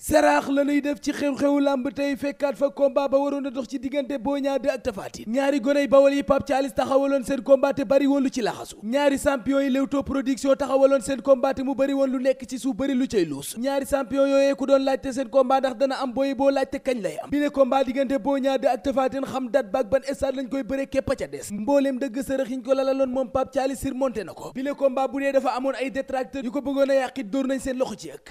saraax la nuy def ci xew-xewu làmb tey fekkaat fa combat ba waroon a dox ci diggante Boy Niang 2 ak Tapha Tine ñaari goney bawol yi Pape Thialis taxawaloon seen combat te bari woon lu ci laxasu ñaari champion yi Leewtoo taxawaloon seen combat te mu bari woon lu nekk ci su bari lu cay luus ñaari champion yooyee ku doon laajte seen combat ndax dana am booy boo laajte kañ lay am bi ne combat diggante Boy Niang 2 ak Tapha Tine xam dat baak ban ca des a yàqit dóor nañ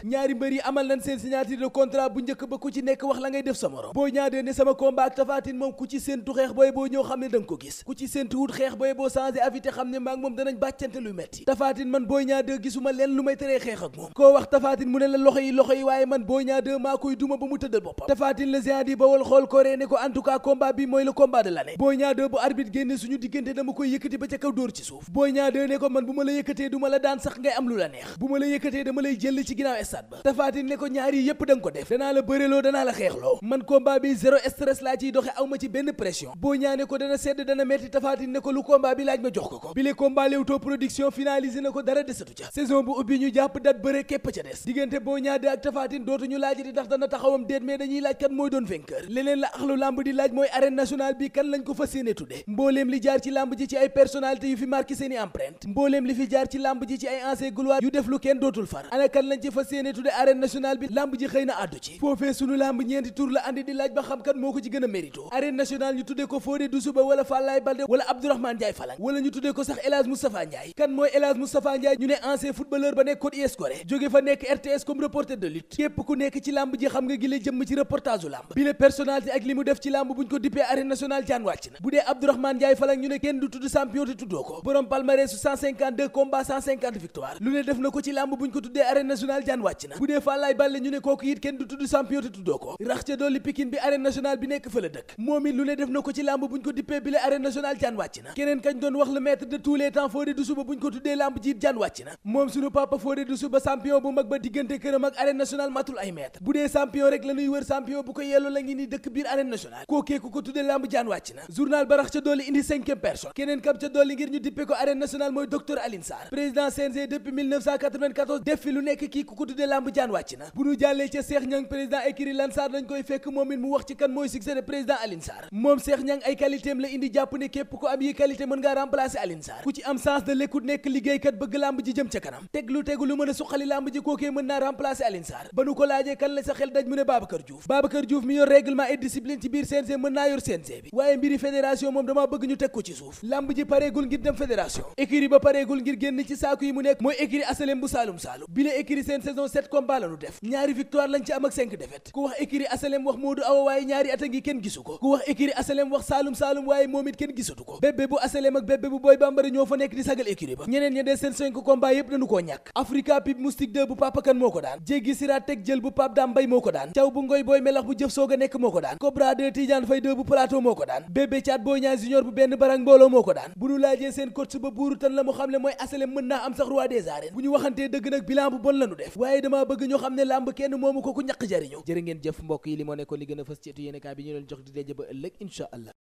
ñaari mbër yi amal nañ seen signé de contrat njëkk ba ku nekk wax la ngay def sa morom booy ñaadee ne sama combat tafaatin xeex booy boo ñëw xam ne da nga ko gis ku ci séentu wut moom danañ bàccante luy metti tafaatin man booy ñaadee gisuma leen lu may teree xeex ak moom koo wax tafaatin mu ne la loxo yi loxo yi waaye man booy ñaadee maa koy duma ba mu tëddal boppam tafaatin le géant di bawol xool koree ne ko en tout cas combat bi mooy le combat de l'année booy ñaadee bu arbitre génne suñu diggante dama koy yëkkati ba ca kaw dóor ci suuf booy ñaadee ne ko man bu ma la yëkkatee du la daan sax ngay am lu la neex bu ma la yëkkatee dama lay jël ci ginnaaw stade ko ñaari yépp da nga ko def danaa la bëreloo danaa la xeexloo man combat bi zéro stress laa ciy doxe aw ci benn pression boo ñaane ko dana sedd dana metti tafaatin ne ko lu combat bi laaj ma jox ko ko bile combat Leewtoo production finalisé na ko dara desatu ca saison bu ubbi ñu jàpp dat bëre képp ca des diggante boo ñaade ak tafaatin dootu ñu laaj di ndax dana taxawam déet mais dañuy laaj kan mooy doon vainqueur leneen la axlu lamb di laaj mooy arène nationale bi kan lañ i empreinte mbooleem li xëy na àddu ci foofee sunu lamb ñeenti tur la andi di laaj ba xam kan moo ko ci gën a mérito arène nationale ñu tuddee ko Fodé Doussouba wala Fallaye Baldé wala Abdourahmane Ndiaye Falang wala ñu tuddee ko sax El Hadj Moustapha kan mooy El Hadj Moustapha ñu ne ancien footballeur ba nekkoon IS Gorée jóge fa nekk RTS comme reporter de lutte képp ku nekk ci lamb ji xam nga gile jëmm ci reportage u lamb bi le ak li mu def ci lamb buñ ko dippee arène nationale jaan na bu dee Abdourahmane it kenn du tudd champion te tuddoo ko rax ca dolli Pikine bi arène nationale bi nekk fa la dëkk moom lu ne def na ko ci làmb buñ ko dippee bile arène nationale jaan wàcc na keneen kañ doon wax le maître de bu mag ba diggante këram ak arène nationale matul ay mètre bu dee champion rek la wër champion bu ko yelloo la ngi ni dëkk biir arène nationale kookee ku ko tuddee làmb jaan wàcc na journal ba rax ca dolli indi cinquième personne keneen ca Cheikh président écurie Lansar lañ koy fekk moom it mu wax ci kan mooy succès président Alioune moom Cheikh Niang ay qualité la indi jàpp ne képp ko am yi qualité mën ngaa remplacer Alioune ku ci am sens de l'écoute nekk liggéeykat bëgg làmb ji jëm ca kanam teg lu tegu lu mën suqali làmb ji kookee mën naa remplacer Alioune ba nu ko laajee la sa xel daj mu ne Babacar Diouf Babacar Diouf mi yor règlement et discipline ci biir seen saison victoire ci am ak cinq défaites ku wax écurie asalem wax saalum saalum waaye moom it kenn gisatu ko bébé bu asalem ak bébé bu booy bambara ñoo fa nekk di sagal écurie ba ñeneen ña dee seen cinq combat yépp dañu koo ñàkk africa pip moustique 2 bu papa moo ko daan jéggi siraat teg jël bu pape daam moo ko daan caw bu ngoy booy melax bu jëf soog nekk moo ko daan cobra 2 fay 2 bu plateau moo ko daan bébé caat booy ñaa junior bu benn barang mbooloo moomu ko ñaq jariñu jërë ngeen jëf mbokk yi li moo nekkoon li gën a fës ci etu yéenekaay bi ñu leen jox di daje ba ëllëg incha allah